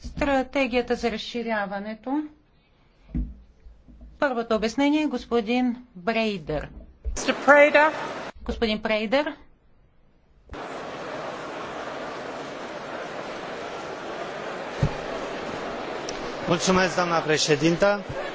Стратегията за разширяването. Първото обяснение е господин Брейдер. Господин Брейдер. Mulțumesc, doamna președintă.